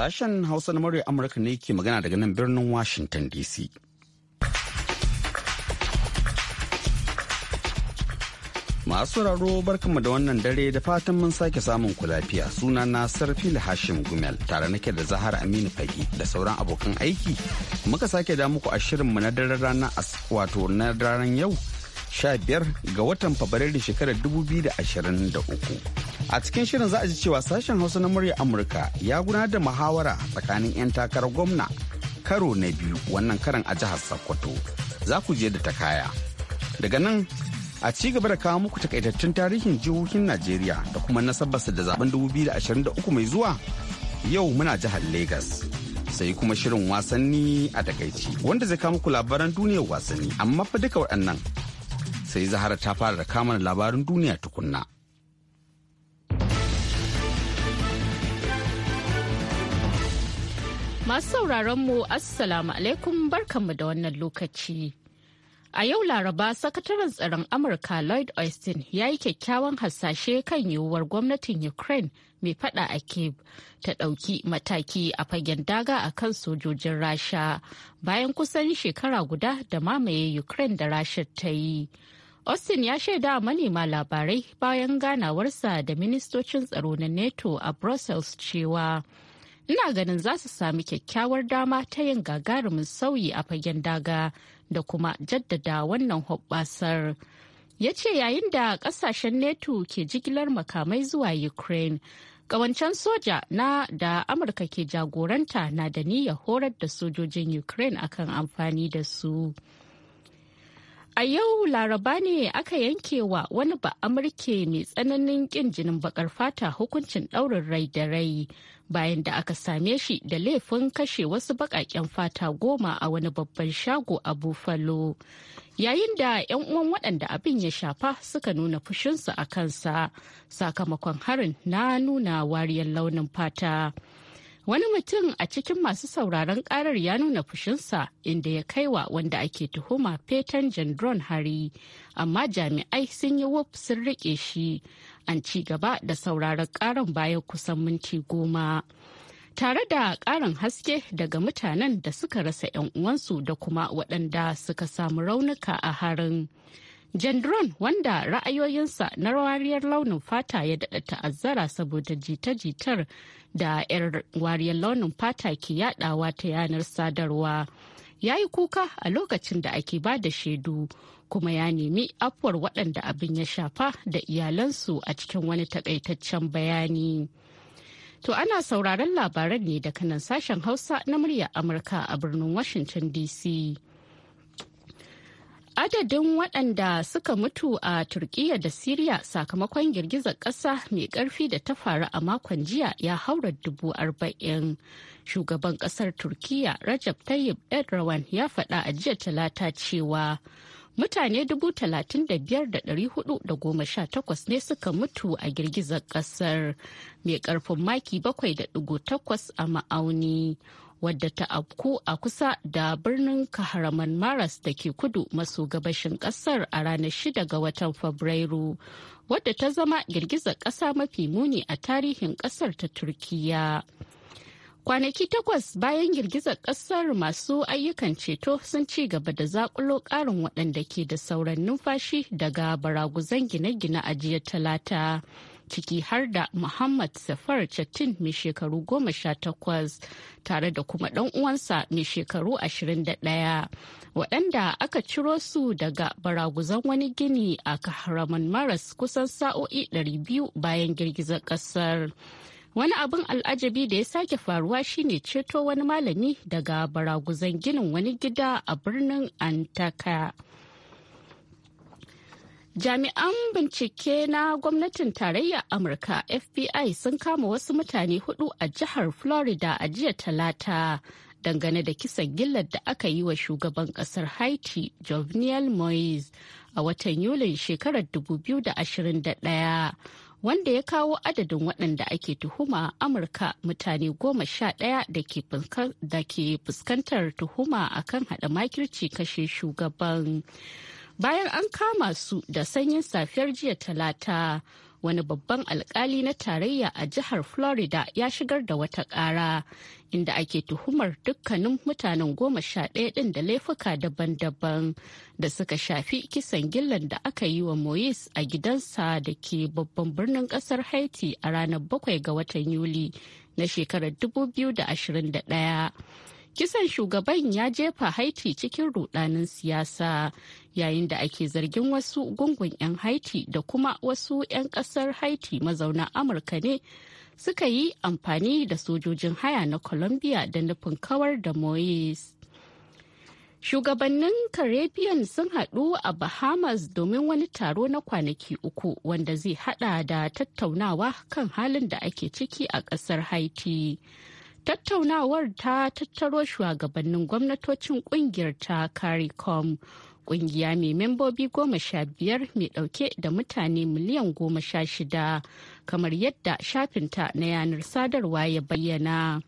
Sashen Hausa na murya Amurka ne ke magana daga nan birnin Washington DC. Masu raro barkanmu da wannan dare da fatan mun sake samun ku lafiya suna na sarfi Hashim Gumel tare nake da Zahar Aminu Fagi da sauran abokan aiki muka sake da muku a shirinmu na daren rana wato na daren yau 15 ga watan Fabrairu shekarar 2023. A cikin shirin za a ji cewa sashen Hausa na murya Amurka ya gudanar da muhawara tsakanin 'yan takarar gwamna karo na biyu wannan karan a jihar Sokoto. Za ku je da ta kaya. Daga nan a ci gaba da kawo muku takaitattun tarihin jihohin Najeriya da kuma nasabarsa da zaben 2023 mai zuwa yau muna jihar Legas. Sai kuma shirin wasanni a takaici wanda zai kawo muku labaran duniyar wasanni amma fa duka waɗannan sai zahara ta fara da kamar labarin duniya tukunna. Masu sauraron mu Assalamu alaikum barkanmu da wannan lokaci. A yau Laraba sakataren tsaron Amurka Lloyd Austin ya yi kyakkyawan hasashe kan yiwuwar gwamnatin Ukraine mai fada a Kiev ta ɗauki mataki a fagen daga a kan sojojin Rasha bayan kusan shekara guda da mamaye Ukraine da Rasha ta yi. Austin ya shaida manema labarai bayan ganawarsa da ministocin tsaro na NATO a Brussels cewa ina ganin za su sami kyakkyawar dama ta yin gagarumin sauyi a fagen daga da kuma jaddada wannan hoɓɓasar. Ya ce yayin da ƙasashen NATO ke jigilar makamai zuwa Ukraine, ƙawancen soja na da Amurka ke jagoranta na da niyyar horar da sojojin Ukraine akan amfani da su. A yau Laraba ne aka yanke wa wani ba'amurke mai tsananin ƙin jinin bakar fata hukuncin ɗaurin rai da rai bayan da aka same shi da laifin kashe wasu baƙaƙen fata goma a wani babban shago a Buffalo. Yayin da 'yan uwan waɗanda abin ya shafa suka nuna fushinsu a kansa sakamakon harin na nuna wariyar launin fata. wani mutum a cikin masu sauraron karar ya nuna fushinsa inda ya kai wa wanda ake tuhuma fetan jandron hari amma jami'ai sun yi wuf sun rike shi an ci gaba da sauraron karan bayan kusan minti goma tare da karin haske daga mutanen da suka rasa 'yan uwansu da kuma waɗanda suka samu raunuka a harin. jandron wanda ra'ayoyinsa na wariyar launin fata ya daɗa ta'azzara saboda jita-jitar da 'yar wariyar launin fata ke yadawa ta yanar sadarwa. Ya yi kuka a lokacin da ake ba da shaidu kuma ya nemi afuwar waɗanda abin ya shafa da iyalansu a cikin wani takaitaccen bayani. To ana sauraron labaran ne daga nan sashen Hausa na muryar Amurka a birnin Washington DC. Adadin waɗanda suka mutu a Turkiyya da Siriya sakamakon girgizar ƙasa mai ƙarfi da ta faru a makon jiya ya haura dubu arba'in. Shugaban ƙasar Turkiyya Rajab Tayyip Erdogan ya faɗa a jiya talata cewa mutane dubu talatin da biyar da ɗari hudu da goma sha takwas ne suka mutu a girgizar ƙasar mai ƙarfin maki bakwai da ɗigo takwas a ma'auni. wadda ta afku a kusa da birnin kahraman maras da ke kudu maso gabashin kasar a ranar shida ga watan fabrairu wadda ta zama girgizar kasa mafi muni a tarihin kasar ta turkiya kwanaki takwas bayan girgizar kasar masu ayyukan ceto sun ci gaba da zakulo karin waɗanda ke da sauran numfashi daga baraguzan gine-gine a jiya talata ciki har da Muhammad Safar Chatin mai shekaru goma sha takwas tare da kuma ɗan uwansa mai shekaru ashirin da ɗaya waɗanda aka ciro su daga baraguzan wani gini a kahraman maras kusan sa'o'i ɗari biyu bayan girgizar ƙasar. Wani abin al'ajabi da ya sake faruwa shine ceto wani malami daga baraguzan ginin wani gida a birnin Antaka. Jami'an bincike na gwamnatin tarayya Amurka FBI sun kama wasu mutane hudu a jihar Florida a jiya talata dangane da kisan gillar da aka yi wa shugaban kasar Haiti Jovenel Moise a watan Yulin shekarar 2021 wanda ya kawo adadin waɗanda ake tuhuma a Amurka mutane goma sha ɗaya da ke fuskantar tuhuma akan haɗa makirci kashe shugaban. bayan an kama su da sanyin safiyar jiya talata wani babban alkali na tarayya a jihar florida ya shigar da wata kara inda ake tuhumar dukkanin mutanen goma sha ɗaya ɗin da laifuka daban-daban da suka shafi kisan gillan da aka yi wa moyes a gidansa da ke babban birnin ƙasar haiti a ranar bakwai ga watan yuli na shekarar 2021 kisan shugaban ya jefa haiti cikin rudanin siyasa yayin da ake zargin wasu gungun 'yan haiti da kuma wasu 'yan kasar haiti mazauna amurka ne suka yi amfani da sojojin haya na colombia da nufin kawar da moyes Shugabannin Caribbean sun hadu a Bahamas domin wani taro na kwanaki uku wanda zai hada da tattaunawa kan halin da ake ciki a kasar Haiti. Tattaunawar ta tattaro shugabannin gwamnatocin kungiyar ta CARICOM. Kungiya mai membobi goma sha biyar mai dauke da mutane miliyan goma sha shida kamar yadda shafin ta na yanar sadarwa ya bayyana.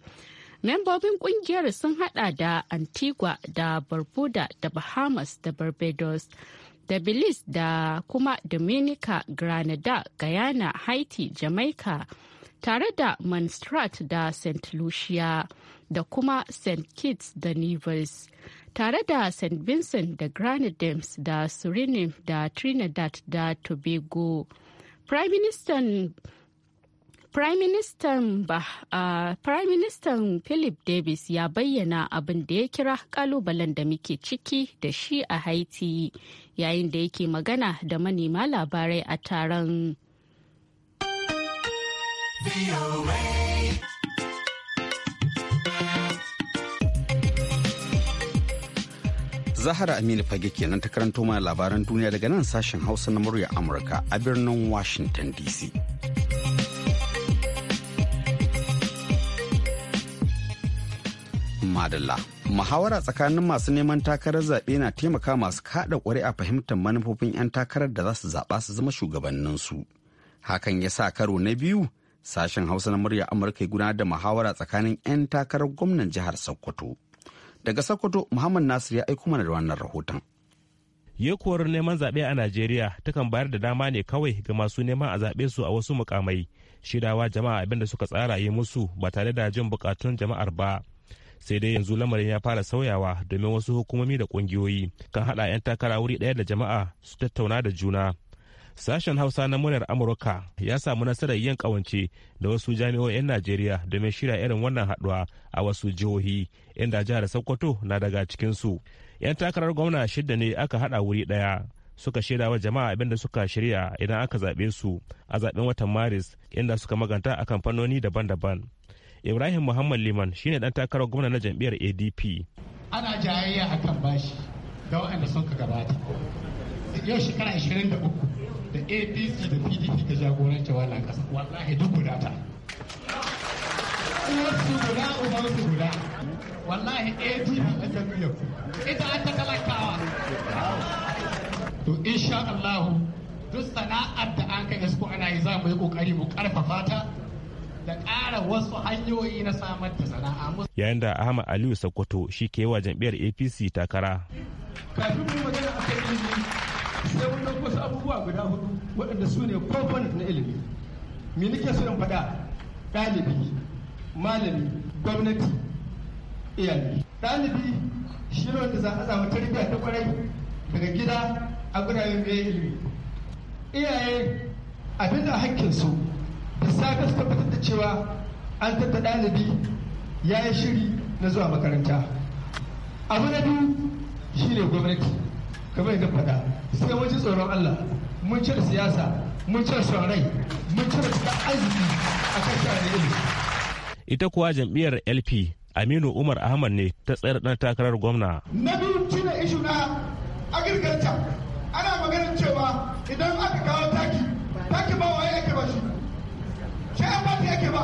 Membobin kungiyar sun hada da Antigua da Barbuda da Bahamas da Barbados da Belize da kuma Dominica, Granada, Guyana, Haiti, Jamaica. tare da Manstrat da St. Lucia da kuma St. Kitts da Nevis, tare da St. Vincent da Grenadines da Suriname da Trinidad da Tobago. Prime Minister uh, Philip Davis ya bayyana abin da ya kira kalubalen da muke ciki da shi a Haiti yayin da yake magana da manema labarai a taron Zahara Aminu Fage kenan ta karanto mana labaran duniya daga nan sashen Hausa na murya Amurka a birnin Washington DC. Madalla. Muhawara tsakanin masu neman takarar zaɓe na taimaka masu kaɗa ƙuri'a fahimtar manufofin 'yan takarar da za su zaɓa su zama shugabanninsu. Hakan ya sa karo na biyu Sashen Hausa na murya Amurka ya gudanar da muhawara tsakanin 'yan takarar gwamnan jihar Sokoto. Daga Sokoto, Muhammad Nasir ya aiko mana da wannan rahoton. Yekuwar neman zaɓe a Najeriya takan bayar da dama ne kawai ga masu neman a zaɓe su a wasu mukamai, shirawa jama'a abin da suka tsara yi musu ba tare da jin bukatun jama'ar ba. sai dai yanzu lamarin ya fara sauyawa domin wasu hukumomi da kungiyoyi kan haɗa 'yan takara wuri ɗaya da jama'a su tattauna da juna Sashen Hausa na muryar Amurka ya samu nasarar yin kawance da wasu jami'o'in Najeriya domin shirya irin wannan haduwa a wasu jihohi inda jihar Sokoto na daga cikinsu. 'Yan takarar gwamna shida ne aka haɗa wuri ɗaya. suka shaida wa jama'a abin da suka shirya idan aka zaɓe su a zaɓen watan maris inda suka maganta a kamfanoni daban-daban ibrahim muhammad liman shine dan takarar gwamna na jam'iyyar adp ana jayayya akan bashi da waɗanda sun ka gabata yau shekara 23 da apc da pdp ta jagoranta wannan kasa. wallahi duk guda ta su guda su guda wallahi apc a jam'iyyar ita an ta talakawa to insha Allah duk sana'ar da an kai su ana yi za mu yi kokari mu karfafa ta da ƙara wasu hanyoyi na samar da sana'a yayin da Ahmad Aliyu Sokoto shi ke wa jam'iyyar APC takara kafin mu magana akan ilimi sai abubuwa guda hudu waɗanda su ne component na ilimi me nake so in faɗa ɗalibi malami gwamnati iyali ɗalibi shi ne wanda za a samu tarbiyya ta kwarai daga gida a gudanar da ilimi iyaye abinda hakkinsu da safe su tabbatar da cewa an tatta ɗalibi ya yi shiri na zuwa makaranta abu na biyu ne gwamnati kamar yadda faɗa sai mun ci tsoron Allah mun cire siyasa mun cire son rai mun cire arziki a kan shari'a ne ita kuwa jam'iyyar LP Aminu Umar Ahmad ne ta tsayar dan takarar gwamna na biyu shine ishu na girgarta ana magana cewa idan aka kawo taki taki ba waye yake ba shi ke an ba yake ba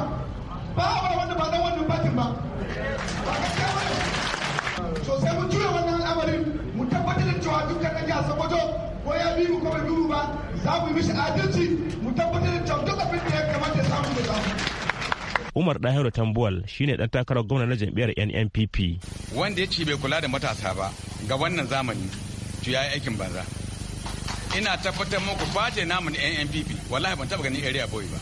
ba a wanda ba dan wannan batin ba ba ka kawo so sai mun tura wannan al'amarin tabbatar da cewa dukkan na jihar sokoto ko ya bi mu ko bai bi ba za mu yi mishi adalci mu tabbatar da cewa duk abin da ya kamata ya samu da samu Umar Dahiru Tambuwal shine dan takarar gwamna na jam'iyyar NNPP. Wanda ya ce bai kula da matasa ba ga wannan zamani to yayi aikin banza. Ina tabbatar muku face namu na NNPP wallahi ban taba ganin area boy ba.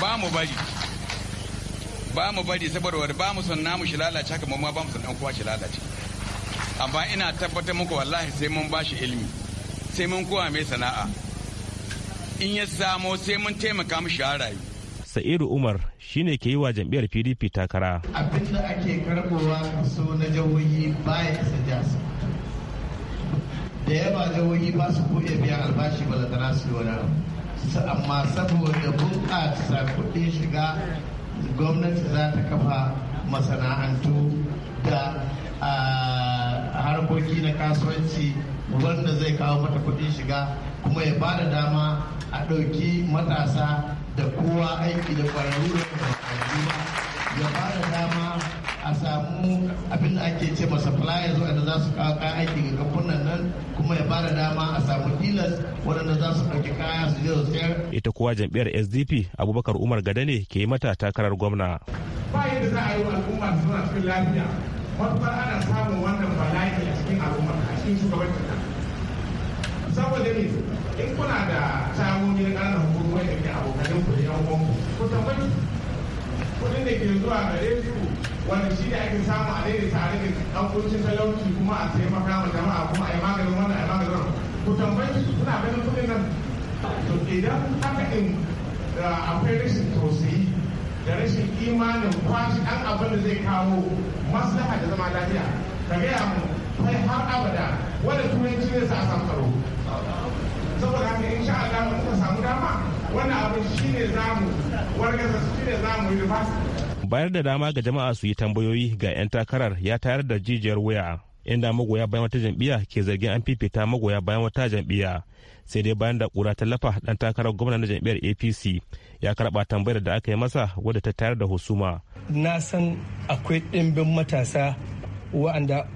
Ba mu bari ba mu bari saboda ba mu son namu shi lalace kamar ma ba mu son dan kowa shi lalace. amma ina tabbatar muku wallahi sai mun ba shi ilimi sai mun kowa mai sana'a in ya samo sai mun taimaka mu rayu. sa'iru umar shine ke yi wa jam'iyyar pdp takara abin da ake karbowa kaso na ba baya isa jasa da yawa jawoyi ba su ko biyan albashi ba da tana su wani amma saboda bunƙasa kuɗin shiga gwamnati za ta kafa masana'antu da ah, harkoki na kasuwanci wanda zai kawo mata kudin shiga kuma ya ba da dama a ɗauki matasa da kowa aiki da ƙwararru da ƙwararru ya ba da dama a samu abin da ake ce ma zuwa da za su kawo kayan aiki ga kamfunan nan kuma ya ba da dama a samu dealers waɗanda za su ɗauki kaya su je su ita kuwa jam'iyyar sdp abubakar umar gada ne ke yi mata takarar gwamna. ba yadda za a yi al'umma suna cikin lafiya babbar ana samun wannan bala'i a cikin al'umma a cikin shugabancin ta saboda ne in kuna da tsamoni na ƙananan hukumar da ke abokanin ku da yan uwan ku tambayi kuɗin da ke zuwa gare su wanda shi ne ake samu a daidai tare da ɗaukocin talauci kuma a taimaka ma jama'a kuma a yi maganin wannan a yi maganin wannan ku tambayi su suna ganin kudin nan to idan haka in akwai rashin tausayi da rashin imanin kwashi ɗan abin da zai kawo maslaha da zama lafiya ka gaya mu kai har abada wanda turanci ne sa samu karo saboda haka in sha Allah muka samu dama wannan abin shine zamu wargaza shine zamu yi bayar da dama ga jama'a su yi tambayoyi ga 'yan takarar ya tayar da jijiyar wuya inda magoya bayan wata jam'iyya ke zargin an fifita magoya bayan wata jam'iyya sai dai bayan da kura ta lafa dan takarar gwamna na jam'iyyar apc ya karba tambayar da aka yi masa wadda ta tayar da husuma na san akwai ɗimbin matasa wa'anda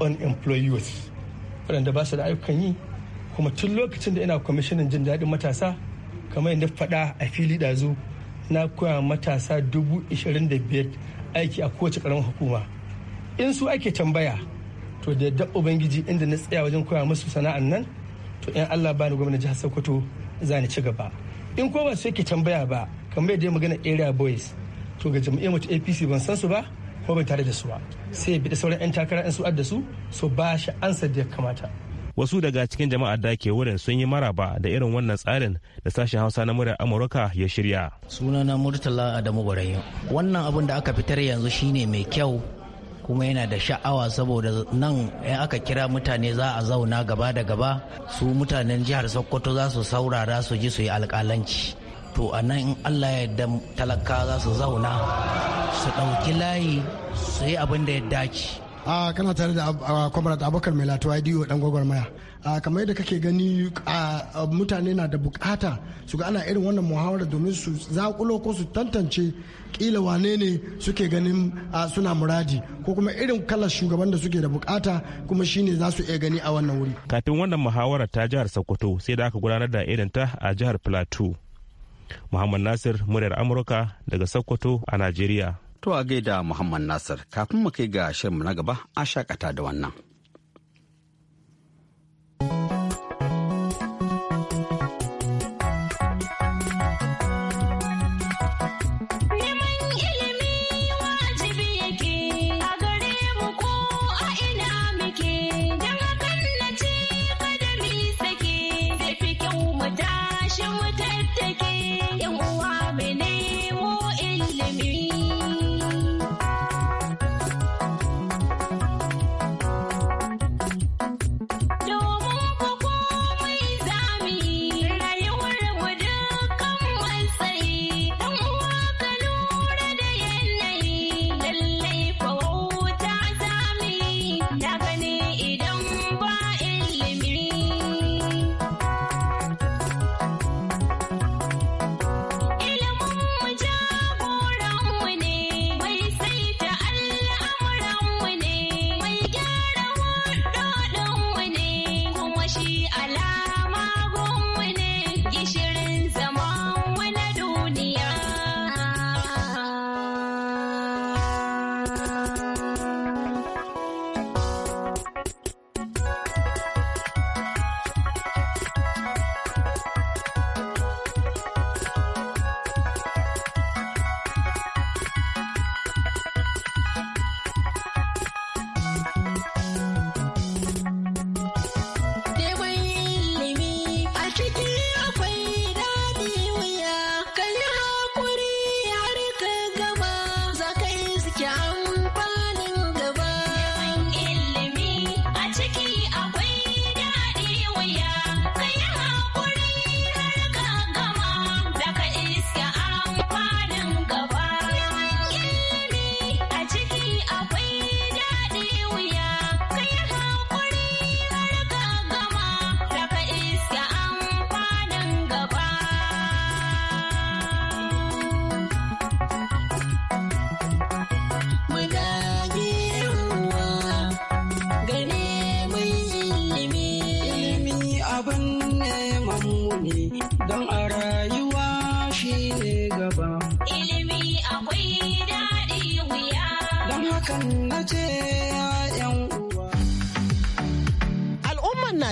unemployed waɗanda ba su da ayyukan yi kuma tun lokacin da ina kwamishinan jin daɗin matasa kamar yadda faɗa a fili ɗazu na koya matasa dubu ishirin da biyar aiki a kowace ƙaramin hukuma in su ake tambaya to da yadda ubangiji inda na tsaya wajen koya musu sana'an nan to in allah bani gwamnati jihar sokoto za ni ci gaba in ko ba sai ke tambaya ba kamar yadda magana area boys to ga jam'iyyar mutu apc ban san su ba ko ban tare da su ba sai bi da sauran 'yan takara 'yan su'ad da su so ba shi ansa da ya kamata wasu daga cikin jama'a da ke wurin sun yi maraba da irin wannan tsarin da sashen hausa na murar amurka ya shirya sunana murtala adamu gwarayo wannan abin da aka fitar yanzu shine mai kyau kuma yana da sha'awa saboda nan in aka kira mutane za a zauna gaba da gaba su mutanen jihar sokoto za su saurara su ji su yi alƙalanci to a nan in allah ya yarda talaka za su zauna su ɗauki layi su yi abin da ya dace a kana tare da comrade abokan mai latuwa diyo dan gwagwarmaya a kamar yadda kake gani a mutane na da bukata su ga ana irin wannan muhawarar domin su zakulo ko su tantance kila wane ne suke ganin suna muradi ko kuma irin kalar shugaban da suke da bukata kuma shine za su iya gani a wannan wuri kafin wannan muhawarar ta jihar sokoto sai da aka gudanar da irin ta a jihar plateau muhammad nasir muryar amurka daga sokoto a najeriya To a gaida Muhammad Nasir kafin mu kai ga shirinmu na gaba a shakata da wannan.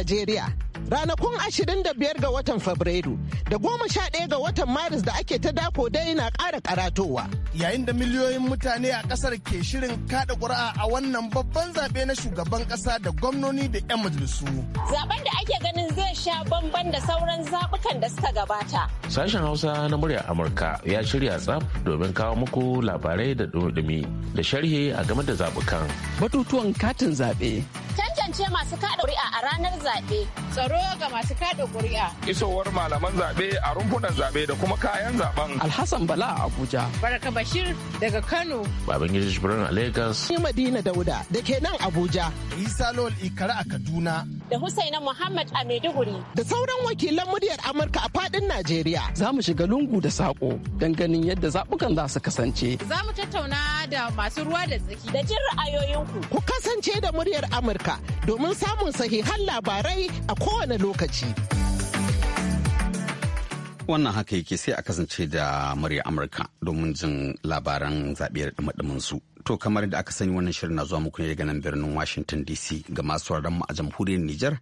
Najeriya. Ranakun 25 ga watan Fabrairu da 11 ga watan Maris da ake ta dako dai na ƙara karatowa. Yayin da miliyoyin mutane a ƙasar ke shirin kada ƙuri'a a wannan babban zaɓe na shugaban ƙasa da gwamnoni da 'yan majalisu. Zaben da ake ganin zai sha bamban da sauran zaɓukan da suka gabata. Sashen Hausa na muryar Amurka ya shirya tsaf domin kawo muku labarai da dumi da sharhi a game da zaɓukan. Batutuwan katin zaɓe kasance masu kada ƙuri'a a ranar zaɓe. Tsaro ga masu kada ƙuri'a. Isowar malaman zaɓe a rumfunan zaɓe da kuma kayan zaɓen. Alhassan Bala a Abuja. Baraka Bashir daga Kano. Babangida Jibrin a Lagos. Madina Dauda da ke nan Abuja. Isa Lol Ikara a Kaduna. da Husaina Muhammad a Maiduguri. Da sauran wakilan muryar Amurka a fadin Najeriya. Za mu shiga lungu da sako don ganin yadda zaɓukan za su kasance. Za mu tattauna da masu ruwa da tsaki. Da jin ra'ayoyinku. Ku kasance da muryar Amurka domin samun sahihan labarai a kowane lokaci. Wannan haka yake sai a kasance da murya Amurka domin jin labaran zaɓe da su To kamar da aka sani wannan shirin na zuwa muku ne daga nan birnin Washington DC ga masu mu a jamhuriyar niger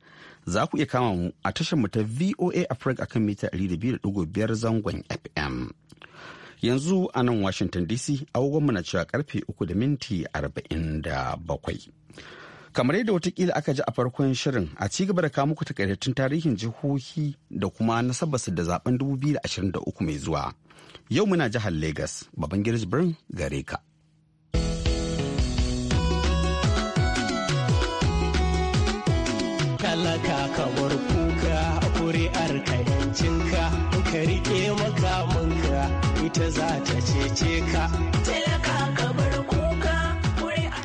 Za ku iya kama mu a tashar mu ta VOA Africa akan mita 200.5 zangon FM. Yanzu a nan Washington DC mu na cewa karfe 3 da minti 47. Kamar yadda watakila aka ji a farkon shirin a ci gaba da kawo muku takaitattun tarihin jihohi da kuma nasabarsu da zaben 2023 mai zuwa. Yau muna jihar Legas, babban Jibrin gare ka. ce ka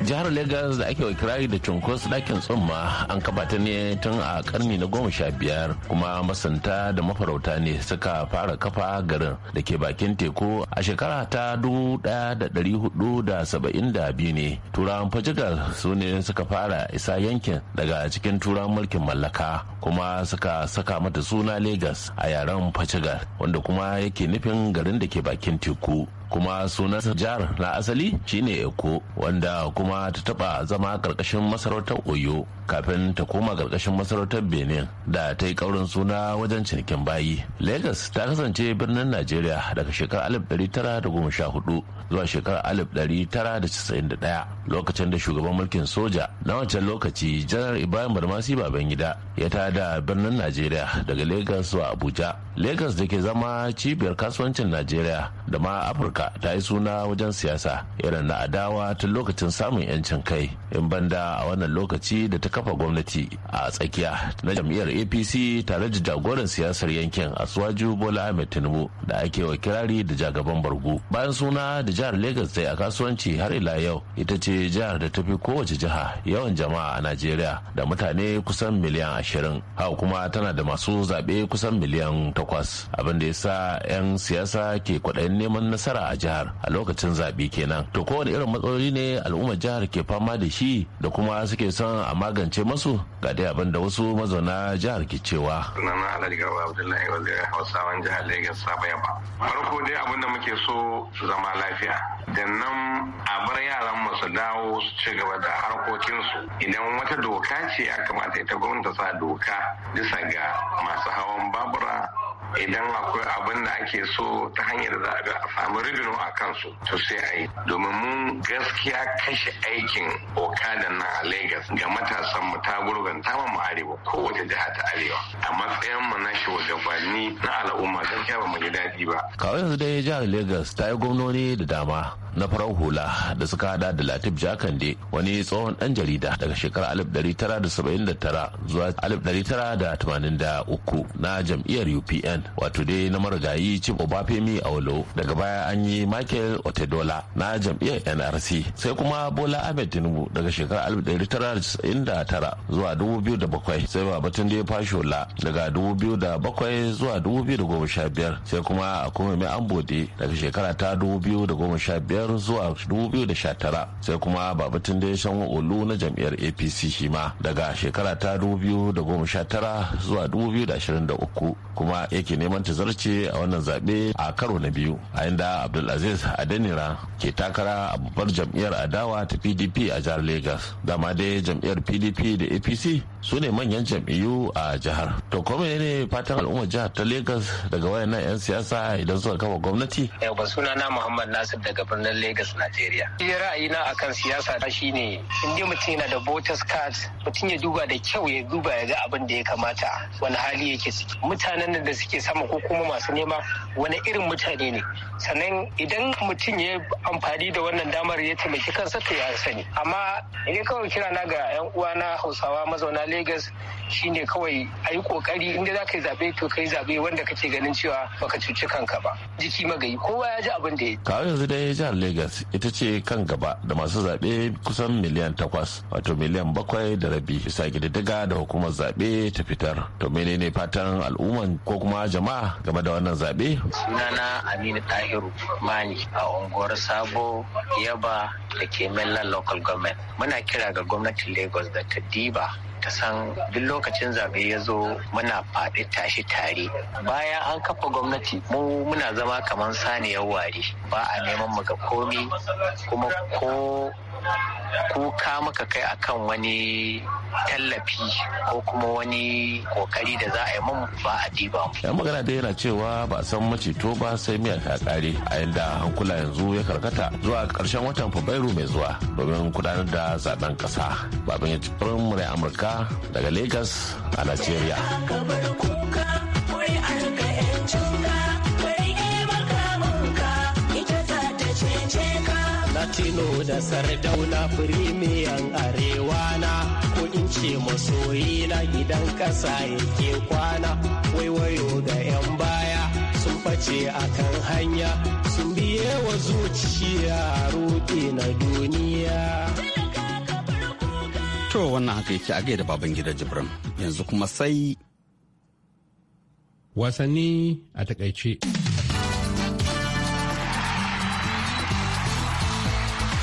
jihar Legas da ake kirari da cunkos dakin tsumma an kabata ne tun a karni na goma sha biyar kuma masanta da mafarauta ne suka fara kafa garin da ke bakin teku a shekara ta dubu da dari hudu da saba'in da biyu ne turawan fajigar su ne suka fara isa yankin daga cikin turawan mulkin mallaka kuma suka saka mata suna Legas a yaren fajigar wanda kuma yake nufin garin da ke bakin teku kuma sunan jihar na asali shine eko wanda kuma ta taba zama karkashin masarautar oyo kafin ta koma karkashin masarautar benin da ta yi kaurin suna wajen cinikin bayi Legas ta kasance birnin najeriya daga shekarar 1914 zuwa shekarar 1991 lokacin da shugaban mulkin soja na wancan lokaci janar ibrahim barmasi babangida ya ta da birnin najeriya daga lagos zuwa abuja lagos da ke zama cibiyar kasuwancin najeriya da ma afirka ta yi suna wajen siyasa irin na adawa tun lokacin samun yancin kai in banda a wannan lokaci da ta kafa gwamnati a tsakiya na jam'iyyar apc tare da jagoran siyasar yankin asuwaju bola ahmed tinubu da ake wa kirari da jagaban bargu bayan suna da jihar Legas dai a kasuwanci har ila yau ita ce jihar da tafi kowace jiha yawan jama'a a Najeriya da mutane kusan miliyan ashirin. hau kuma tana da masu zaɓe kusan miliyan takwas abin da ya sa 'yan siyasa ke kwaɗayin neman nasara a jihar a lokacin zaɓe kenan. To kowane irin matsaloli ne al'ummar jihar ke fama da shi da kuma suke son a magance masu ga dai abin da wasu mazauna jihar ke cewa. jihar Legas ba. Farko dai abin da muke so su zama lafiya. lafiya da nan a bar yaran mu su dawo su ci gaba da harkokinsu idan wata doka ce ya kamata ita gwamnati ta sa doka bisa ga masu hawan babura idan akwai abin da ake so ta hanyar za a samu ribino a kansu to sai a yi domin mun gaskiya kashe aikin okada nan a lagos ga matasan mu ta ta mu arewa ko kowace jiha ta arewa a matsayin mu na shugabanni na al'umma gaskiya ba mu ji daɗi ba kawai yanzu dai jihar lagos ta yi gwamnoni da dama na farar hula da suka hada da latif jakande wani tsohon dan jarida daga shekarar 1979 zuwa 1983 na jam'iyyar upn cbn wato dai na marigayi chief obafemi aulo daga baya an yi michael otedola na jam'iyyar nrc sai kuma bola ahmed tinubu daga shekarar 1999 zuwa 2007 sai Babatun da ya babatunde fashola daga 2007 zuwa 2015 sai kuma akwai mai ambode daga shekara ta 2015 zuwa 2019 sai kuma Babatun da ya san olu na jam'iyyar apc shi ma daga shekara ta 2019 zuwa 2023 kuma yake neman ta zarce a wannan zaɓe a karo na biyu a inda abdulaziz adenira ke takara a babbar jam'iyyar adawa ta pdp a jihar lagos dama dai jam'iyyar pdp da apc su ne manyan jam'iyyu a jihar to kuma ne fatan al'ummar jihar ta lagos daga wayannan 'yan siyasa idan suka kafa gwamnati yau ba suna na muhammad nasir daga birnin lagos nigeria ra'ayi ra'ayina akan siyasa ta shine inda mutum yana da voters card mutum ya duba da kyau ya duba ya ga abin da ya kamata wani hali yake ciki mutanen da suke sama ko kuma masu nema wani irin mutane ne sannan idan mutum ya amfani da wannan damar ya taimaki kansa to ya sani amma ne kawai kira na ga 'yan uwa na hausawa mazauna Legas shine kawai a yi kokari inda za ka yi zaɓe to ka yi zaɓe wanda kake ganin cewa baka cuci kanka ba jiki magayi kowa ya ji abin da ya kawai yanzu dai jihar Legas ita ce kan gaba da masu zaɓe kusan miliyan takwas wato miliyan bakwai da rabi bisa gididdiga da hukumar zaɓe ta fitar to menene fatan al'umman ko kuma jama'a game da wannan zaɓe sunana Aminu Tahiru Mani a unguwar Sabo Yaba da ke Local Government muna kira ga gwamnatin Lagos da ta diba ta san duk lokacin zaɓe ya zo muna faɗi tashi tare bayan an kafa gwamnati mu muna zama kamar saniyar wari ba a neman mu ga komi kuma ko kuka maka kai akan wani tallafi ko kuma wani kokari da za a yi mun ba a diba mu. Yan magana da yana cewa ba a san maceto ba sai miya ta kare a yadda hankula yanzu ya karkata zuwa karshen watan Fabrairu mai zuwa domin gudanar da zaben kasa. Baban ya ci murai Amurka daga Lagos a Najeriya. Tino da Sardauna firimiyan arewa na ko in ce masoyi na gidan ƙasa yake kwana waiwayo ga 'yan baya sun face akan hanya sun biye wa zuciya ruɗe na duniya. To wannan haka yake a gaida baban gida Jibrin yanzu kuma sai wasanni a takaice.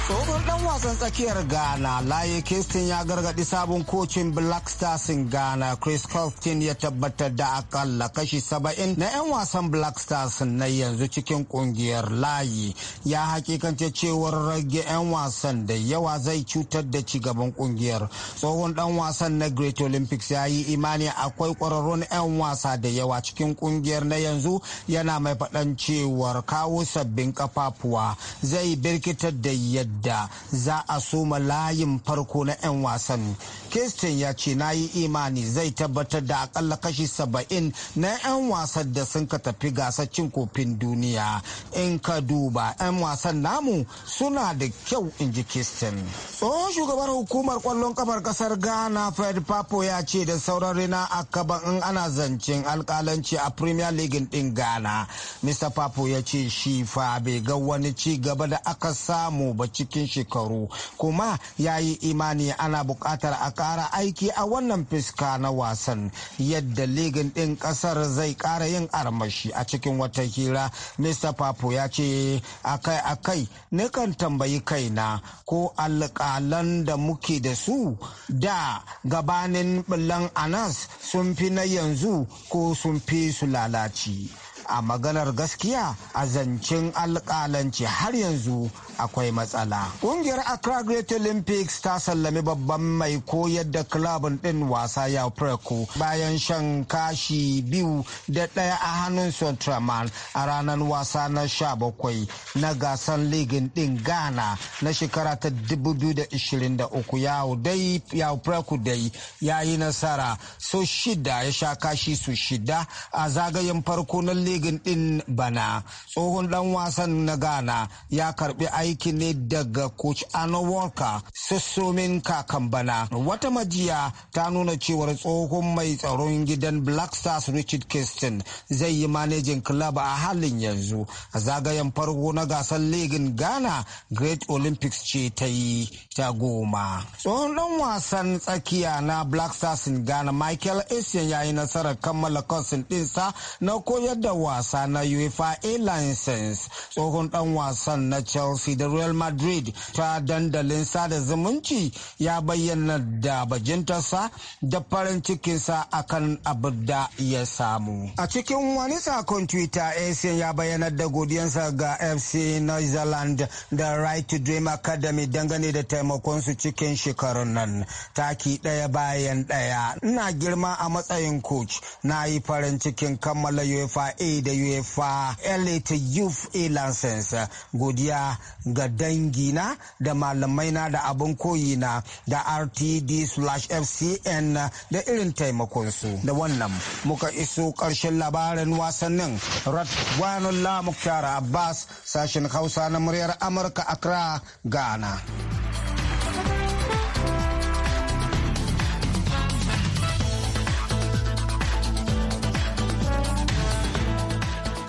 tsohon dan wasan tsakiyar ghana laye kingston ya gargadi sabon kocin black stars in ghana chris colton ya tabbatar da akalla kashi saba'in na 'yan wasan black stars na yanzu cikin kungiyar layi ya hakikance cewar rage 'yan wasan da yawa zai cutar da cigaban kungiyar tsohon dan wasan na great olympics ya yi imani akwai kwararrun 'yan wasa da yawa cikin kungiyar na yanzu yana mai faɗan cewar kawo sabbin kafafuwa zai birkitar da yadda da za a soma layin farko na 'yan wasan Kirsten ya ce na yi imani zai tabbatar da akalla kashi saba'in na 'yan wasan da sun ka tafi gasar cin kofin duniya in ka duba 'yan wasan namu suna da kyau in ji Kirsten. tsohon shugaban hukumar kwallon kafar kasar ghana fred papo ya ce da sauran rina a kaba in ana zancen alkalanci a premier league din ghana mr papo ya ce shi fa bai ga wani ci gaba da aka samu ba ci cikin shekaru kuma ya yi imani ana buƙatar a ƙara aiki a wannan fuska na wasan yadda ligin ɗin ƙasar zai ƙara yin armashi a cikin wata hira mista papo ya ce akai-akai nikan tambayi kaina ko alƙalan da muke da su da gabanin bulan anas sun fi na yanzu ko sun fi su lalaci a maganar gaskiya a zancen alƙalanci har yanzu akwai matsala. Ƙungiyar Accra Great Olympics ta sallami babban mai koyar da kilabin ɗin wasa ya Preko bayan shan kashi biyu da ɗaya a hannun Sontraman a ranar wasa na sha bakwai na gasar ligin ɗin Ghana na shekara ta 2023 yawo dai ya Preko dai ya yi nasara so shida ya sha kashi su shida a zagayen farko na ligin ligin din bana tsohon dan wasan na ghana ya karbi aiki ne daga coach ana walker sassomin kakan bana wata majiya ta nuna cewar tsohon mai tsaron gidan black stars richard kingston zai yi manejin club a halin yanzu a zagayen farko na gasar ligin ghana great olympics ce ta yi ta goma tsohon dan wasan tsakiya na black stars ghana michael essien ya yi nasarar kammala kosin dinsa na koyar da wasa na UEFA A License tsohon dan wasan na Chelsea da Real Madrid ta dandalin sada zumunci ya bayyana da bajintarsa da farin cikinsa akan abin da ya samu. A cikin wani sakon Twitter, ac ya bayyana da godiyansa ga FC New Zealand da Right to Dream Academy dangane da taimakonsu cikin shekarun nan. Taki ɗaya bayan ɗaya. Ina girma a matsayin coach na yi farin cikin kammala UEFA A da uefa elite youth a license godiya ga dangina da malamai na da abin koyina da rtd slash fcn da irin taimakonsu da wannan muka iso ƙarshen labarin wasannin radwanullah muktar abbas sashen hausa na muryar amurka accra ghana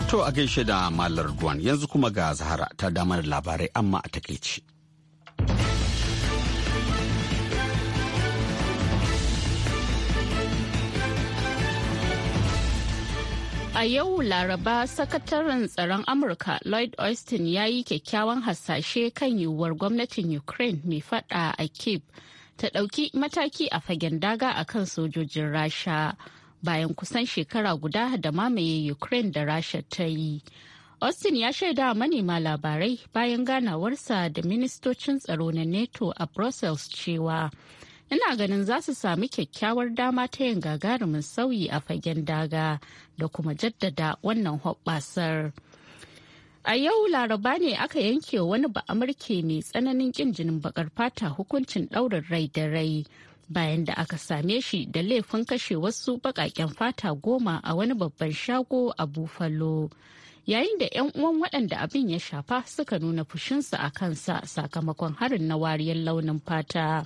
To a gaishe da Malar ruwan yanzu kuma ga Zahara ta damar labarai amma a takaici. A yau Laraba sakataren tsaron Amurka Lloyd Austin ya yi kyakkyawan hasashe kan yiwuwar gwamnatin Ukraine mai fada a Kiev ta ɗauki mataki a fagen daga akan sojojin Rasha. bayan kusan shekara guda da mamaye Ukraine da Rasha ta yi. Austin ya shaida manema labarai bayan ganawarsa da ministocin tsaro na NATO a Brussels cewa ina ganin za su sami kyakkyawar dama ta yin gagarumin sauyi a fagen daga da kuma jaddada wannan hoɓɓasar. A yau laraba ne aka yanke wani ba'amurke mai tsananin kin jinin bakar fata hukuncin ɗaurin rai da rai bayan da aka same shi da laifin kashe wasu baƙaƙen fata goma a wani babban shago a Buffalo. Yayin da 'yan uwan waɗanda abin ya shafa suka nuna fushinsu a kansa sakamakon harin na wariyar launin fata.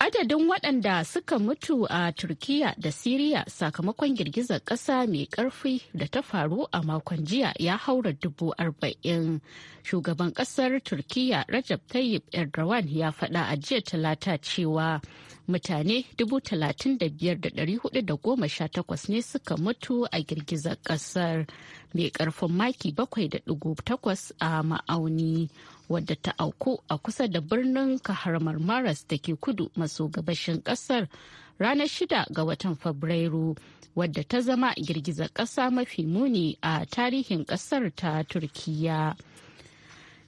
Adadin waɗanda suka mutu a Turkiyya da Siriya sakamakon girgizar ƙasa mai ƙarfi da ta faru a makon jiya ya haura dubu arba'in. Shugaban ƙasar Turkiyya Rajab Tayyip Erdogan ya faɗa a jiya talata cewa mutane 35,418 ne suka mutu a girgizar kasar mai karfin maki 7.8 a ma'auni wadda ta auku a kusa da birnin kaharmar maras da ke kudu maso gabashin kasar ranar 6 ga watan fabrairu wadda ta zama girgizar kasa mafi muni a tarihin kasar ta Turkiyya.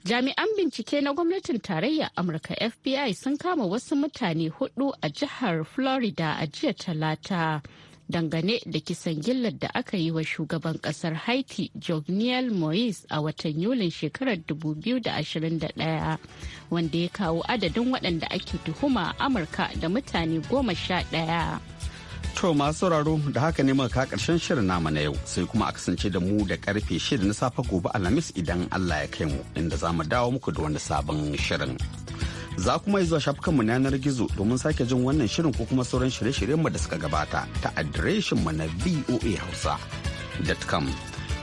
Jami'an bincike na gwamnatin tarayya Amurka FBI sun kama wasu mutane hudu a jihar Florida a jiya talata. dangane da kisan gillar da aka yi wa shugaban kasar haiti jovenel moise a watan yulin shekarar 2021 wanda ya kawo adadin waɗanda ake tuhuma a amurka da mutane goma sha ɗaya. To masu sauraro da haka ne muka karshen shirin nama na yau sai kuma a kasance da mu da karfe shida na safe gobe alhamis idan Allah ya kai mu inda za mu dawo muku da wani sabon shirin. Za kuma zuwa shafukanmu na yanar gizo domin sake jin wannan shirin ko kuma sauran shirye mu da suka gabata ta mu na hausa. com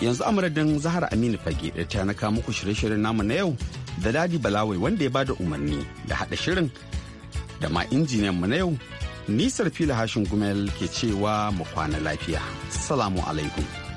Yanzu amuradin Zahar Aminu Fage da ta naka muku shirye-shiryen namu na yau da Dadi Balawai wanda ya bada umarni da haɗa shirin da ma injiniyan mu na yau Nisar fila hashin gumel ke cewa mu kwana lafiya. Salamu alaikum.